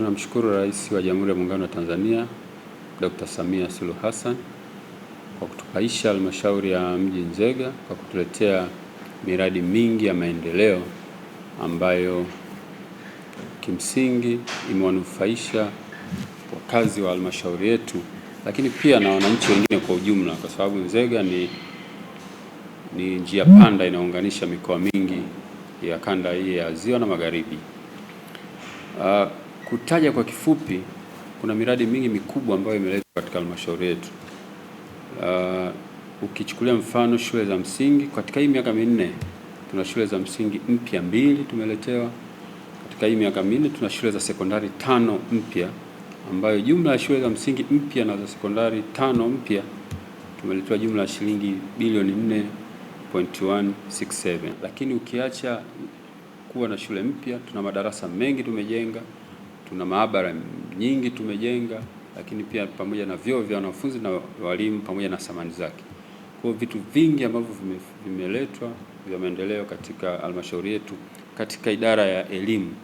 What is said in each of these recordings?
Tunamshukuru Rais wa Jamhuri ya Muungano wa Tanzania Dr. Samia Suluhu Hassan kwa kutupaisha halmashauri ya mji Nzega kwa kutuletea miradi mingi ya maendeleo ambayo kimsingi imewanufaisha wakazi wa halmashauri yetu, lakini pia na wananchi wengine kwa ujumla, kwa sababu Nzega ni, ni njia panda inaunganisha mikoa mingi ya kanda hii ya Ziwa na Magharibi. Uh, Kutaja kwa kifupi, kuna miradi mingi mikubwa ambayo imeletwa katika halmashauri yetu. Uh, ukichukulia mfano shule za msingi, katika hii miaka minne tuna shule za msingi mpya mbili tumeletewa. Katika hii miaka minne tuna shule za sekondari tano mpya, ambayo jumla ya shule za msingi mpya na za sekondari tano mpya tumeletewa jumla ya shilingi bilioni 4.167. Lakini ukiacha kuwa na shule mpya, tuna madarasa mengi tumejenga tuna maabara nyingi tumejenga, lakini pia pamoja na vyoo vya wanafunzi na walimu pamoja na samani zake. Kwa vitu vingi ambavyo vimeletwa vya maendeleo katika halmashauri yetu katika idara ya elimu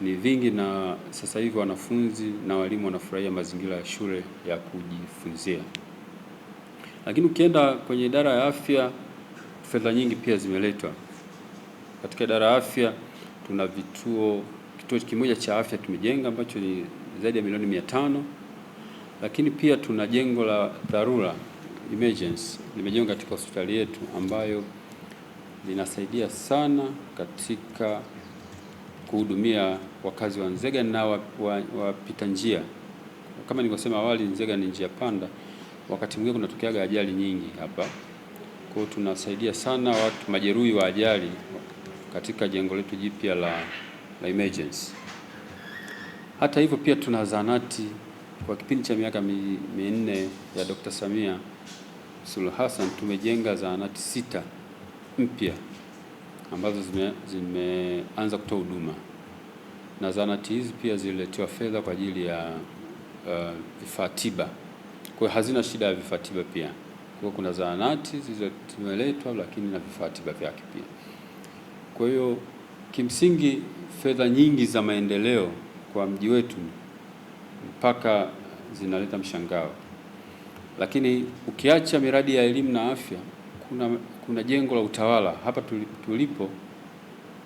ni vingi, na sasa hivi wanafunzi na walimu wanafurahia mazingira ya shule ya kujifunzia. Lakini ukienda kwenye idara ya afya, fedha nyingi pia zimeletwa katika idara ya afya. Tuna vituo kituo kimoja cha afya tumejenga ambacho ni zaidi ya milioni mia tano, lakini pia tuna jengo la dharura emergency limejengwa katika hospitali yetu ambayo linasaidia sana katika kuhudumia wakazi wa Nzega na wapita wa, wa njia. Kama nilivyosema awali, Nzega ni njia panda, wakati mwingine kunatokeaga ajali nyingi hapa. Kwa hiyo tunasaidia sana watu majeruhi wa ajali katika jengo letu jipya la la emergency. Hata hivyo pia tuna zahanati kwa kipindi cha miaka minne ya Dr. Samia Suluhu Hassan tumejenga zahanati sita mpya ambazo zimeanza zime kutoa huduma na zahanati hizi pia zililetewa fedha kwa ajili ya uh, vifaa tiba. Kwa hiyo hazina shida ya vifaa tiba pia. Kwa hiyo kuna zahanati zilizoletwa, lakini na vifaa tiba vyake pia. Kwa hiyo Kimsingi fedha nyingi za maendeleo kwa mji wetu mpaka zinaleta mshangao, lakini ukiacha miradi ya elimu na afya, kuna, kuna jengo la utawala hapa tulipo.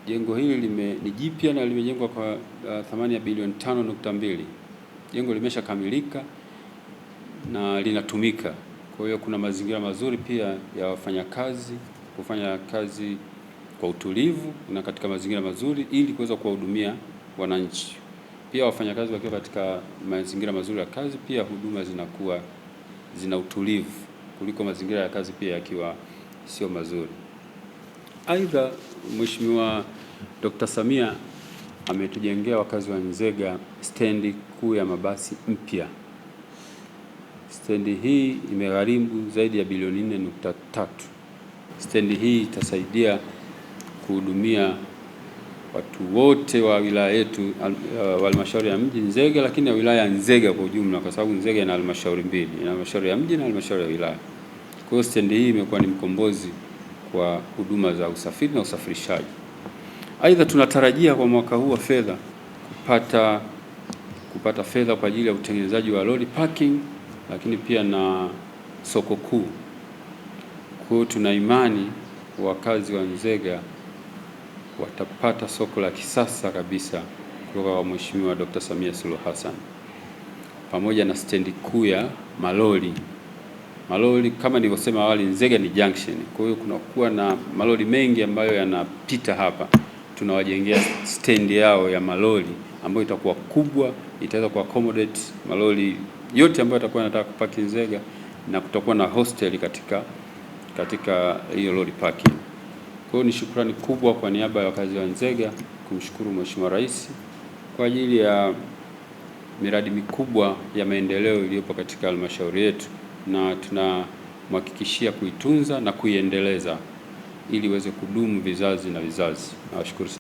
Jengo hili lime, ni jipya na limejengwa kwa uh, thamani ya bilioni mbili. Jengo limeshakamilika na linatumika, kwa hiyo kuna mazingira mazuri pia ya wafanyakazi kufanya kazi kwa utulivu na katika mazingira mazuri ili kuweza kuwahudumia wananchi. Pia wafanyakazi wakiwa katika mazingira mazuri ya kazi, pia huduma zinakuwa zina utulivu kuliko mazingira ya kazi pia yakiwa sio mazuri. Aidha, Mheshimiwa Dr. Samia ametujengea wakazi wa Nzega stendi kuu ya mabasi mpya. Stendi hii imegharimu zaidi ya bilioni 4.3. Stendi hii itasaidia kuhudumia watu wote wa wilaya yetu wa uh, halmashauri ya mji Nzega, lakini ya wilaya ya Nzega kwa ujumla, kwa sababu Nzega ina halmashauri mbili, ina halmashauri ya mji na halmashauri ya wilaya. Kwa hiyo stendi hii imekuwa ni mkombozi kwa huduma za usafiri na usafirishaji. Aidha, tunatarajia kwa mwaka huu wa fedha kupata kupata fedha kwa ajili ya utengenezaji wa lori parking, lakini pia na soko kuu. Kwa hiyo tuna imani wakazi wa Nzega watapata soko la kisasa kabisa kutoka kwa Mheshimiwa Dr. Samia Suluhu Hassan pamoja na stendi kuu ya malori. Malori kama nilivyosema awali, Nzega ni junction, kwa hiyo kunakuwa na malori mengi ambayo yanapita hapa. Tunawajengea stendi yao ya malori ambayo itakuwa kubwa, itaweza ku accommodate malori yote ambayo yatakuwa yanataka kupaki Nzega, na kutakuwa na hostel katika katika hiyo lori parking. Kwa hiyo ni shukrani kubwa kwa niaba ya wakazi wa Nzega kumshukuru Mheshimiwa Rais kwa ajili ya miradi mikubwa ya maendeleo iliyopo katika halmashauri yetu, na tunamhakikishia kuitunza na kuiendeleza ili iweze kudumu vizazi na vizazi. Nawashukuru.